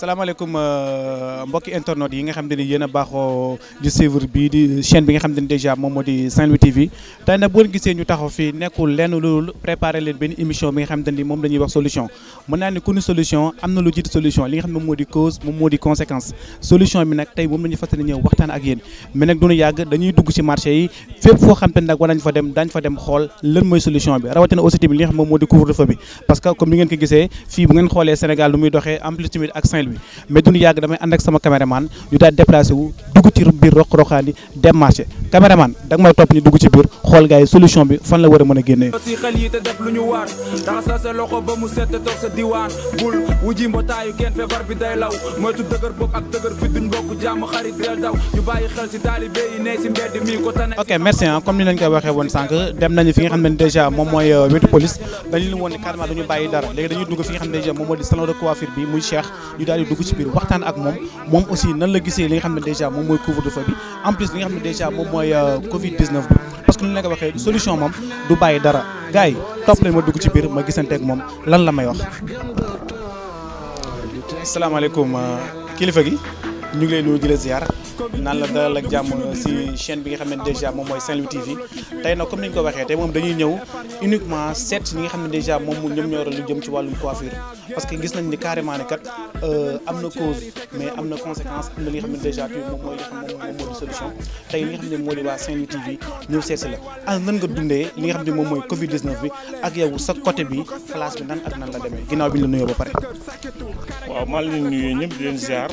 salaamaaleykum euh, mbok internet yi nga xam ne yeena baxo di suivre bi di chaîne bi nga xam ne déjà mom modi di Saint-Louis TV tey nag bu ngeen gisee ñu taxaw fi nekul lenn lu préparé leen benn émission bi nga xam ne mom la wax solution mën naa ne ku solution amna lu jiitu solution li nga xam mom modi cause mom modi conséquence solution bi nak tay mom la ñu ñew yéene waxtaan ak yeen mais nak duñu yag dañuy dugg ci marché yi fépp fo xam ne nag war fa dem dañ fa dem xol lan moy solution bi rawatina aussi tim li nga xam mom modi di couvre-feu bi parce que comme ni ngeen ko gisé fi bu ngeen xolé Sénégal lu muy doxé en ak saint bi mais duñu yàgg damay ànd ak sama cameraman ñu daal déplacer wu dugg ci biir roq roqaan dem marché caméraman da nga may topp ñu dugg ci biir xool gars yi solution bi fan la war a mën a génnee si xel yi te def lu ñu waar raxas sa loxo ba mu set toog sa diwaan bul wuji mbootaayu kenn feebar bi day law moytu dëgër bopp ak dëgër fi duñ bokk jàmm xarit del daw ñu bàyyi xel si taalibe yi ne si mbedd mi ko tane ok merci ah comme ni lañ koy waxee woon sànq dem nañu fi nga xam ne dèjà moom mooy euh, wetu police moy couvre-feu bi en plus li nga xamné déjà moom moy euh, Covid 19 parce que lu la waxé solution mom du baye dara gars yi topp ma dugg ci bir ma gisante ak mom lan la may wax. asalaamaaleykum euh, kilifa gi ñu ngi lay nuyu di la ziar naan la dalal ak jamm ci chaîne bi nga xamné déjà mom moy Saint-Louis TV tay nag comme niñ ko waxé tay mom dañuy ñëw uniquement set ñi nga xamné déjà mom ñoom ñoro lu jëm ci wàllum coiffure. parce que gis nañ ni carrément ni kat euh amna cause mais amna na conséquence am li nga xam déjà tuuti mom moy li nga xam moom solution tay li nga xam ne moo di waa Saint-Louis TV ñëw set si la an nan nga dundé li nga xamné mom moy Covid 19 bi ak yow sa côté bi place bi nan ak nan la demee ginaaw bi la nuyoo ba paré waaw maa ngi leen ñëp di leen ziar.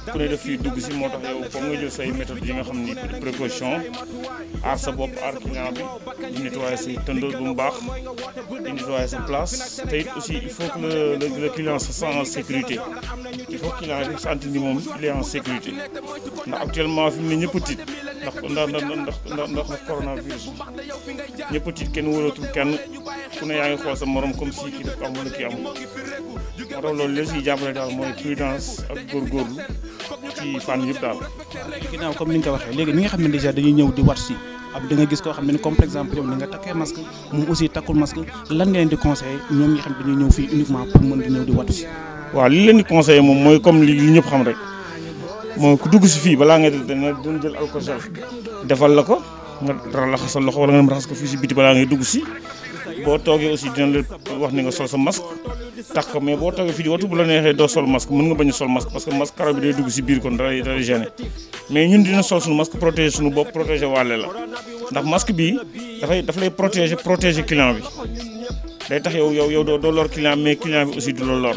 kuréel def fii dugg si moo tax yow comme nga jël say méthode yi nga xam ni précaution aar sa bopp aar client bi di nettoyer say tëndal bu mu baax di nettoyer sa place te it aussi il faut que le le client se sent en sécurité il faut que client bi sent ni moom il est en sécurité ndax actuellement fi mu ne ñëpp tiit ndax ndax ndax ndax ndax coronavirus ñëpp tiit kenn wóolatul kenn ku ne yaa ngi xool sa morom comme si kii dafa am wala kii amul moo tax loolu léegi jàppale daal mooy prudence ak góorgóorlu. ci fànn yëpp daal. ginnaaw comme ni ko waxee léegi ñi nga xam ne déjà dañuy ñëw di wat si ab da gis koo xam ne comme par exemple yow ni nga takkee masque moom aussi takkul masque lan nga leen di conseillé ñoom ñi xam dañuy ñëw fii uniquement pour mën di ñëw di watu si. waaw li leen di conseillé moom mooy comme li ñëpp xam rek moom ku dugg si fii balaa nga dana dina jël alcool defal la ko nga raxas sa loxo wala nga dem raxas ko fii si biti balaa ngay si boo toogee aussi dina la wax ni nga sol sa masque tax ko mais boo toogee fii di watu bu la neexee doo sol masque mën nga bañ a sol masque parce que masque karaw bi day dugg si biir kon dalay dalay gêné mais ñun dina sol suñu masque protéger suñu bopp protéger wàlle la ndax masque bi dafay daf lay protéger protéger bi day tax yow yow doo lor client mais client bi aussi du la lor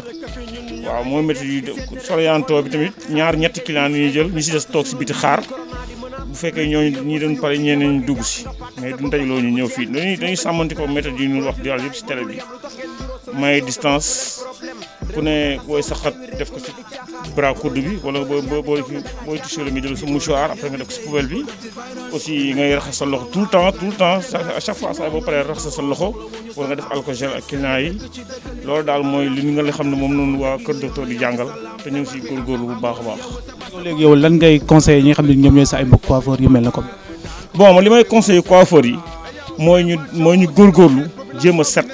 waaw mooy métti yi soloyantoo bi tamit ñaar ñetti client yi jël ñu si des toog bu fekkee ñooñu ñi doon pare ñeneen dugg si mais duñ dajaloo ñu ñëw fii dañuy dañuy sàmmante ko méthode yi ñu wax di yëpp si télé bi may distance ku ne booy saxat def ko si bras court bi wala boo boo boo booy touché nga jël sa mouchoir après nga def ko bi aussi ngay raxas sa loxo tout le temps tout temps chaque fois saa boo paree raxas sa loxo wala nga def alcool ak client yi loolu daal mooy li nga xam ne moom noonu waa kër docteur di jàngal te ñu ngi siy góorgóorlu bu baax a baax. léegi yow lan ngay conseillé ñi nga xam ne ñoom ñooy sa ay mbokk coiffeur yu mel na comme. bon man li may conseillé coiffeur yi mooy ñu a set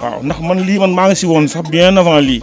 waaw ndax man lii man maa ngi lii.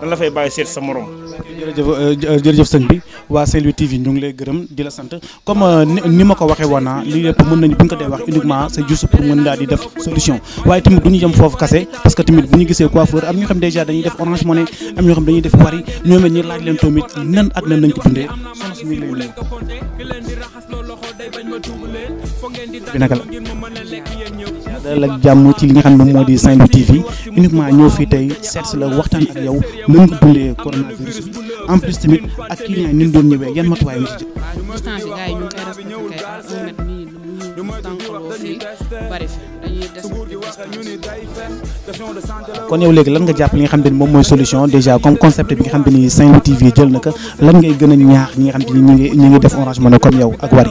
lan la fay bàyyi seet sa morom. jërëjëf euh, sëñ bi waa Saint-Louis TV ñu lay gërëm di la sant comme euh, ni ma ko waxee woon naa lii lépp mën nañu bu ñu ko dee wax uniquement c'est juste pour mën daal di def solution waaye tamit du ñu yem foofu kase parce que tamit bu ñu gisee coiffeur am ñoo xam déjà dañuy def orange money am ñoo xam dañuy def wari ñoom it ñu laaj leen tamit nan ak nan nañ dundee bi naka la dalal ak jàmm ci li nga xam ne moo di Saint-Louis TV uniquement ñëw fii tey seet si la waxtaan ak yow lan nga dundee coronavirus bi en plus tamit ak client ni mu doon ñëwee yan matuwaay nga ci jël kon yow léegi lan nga jàpp li nga xam ne moom mooy solution déjà comme concept bi nga xam ne Saint-Louis TV jël na ko lan ngay gën a ñaax ñi nga xam ne ñi ngi ñi ngi def Orange Money comme yow ak Wari.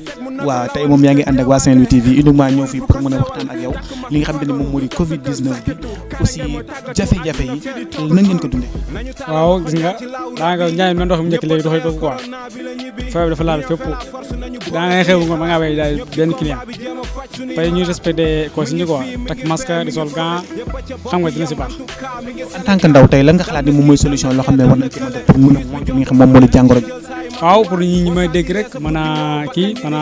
waaw tey moom yaa ngi ànd ak waa Saint-Louis TV uniquement ñëw fii pour mën a waxtaan ak yow li nga moom moo ko dundee. waaw gis ma ngaa bay daal benn client tey ñuy respecté consignes yi quoi takk masque di sol gant xam nga dina si baax. ne war nañ a a li jàngoro ji. waaw pour ñi may dégg rek mën kii mën a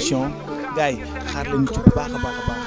production gars yi xaar leen ñu ci bu baax a a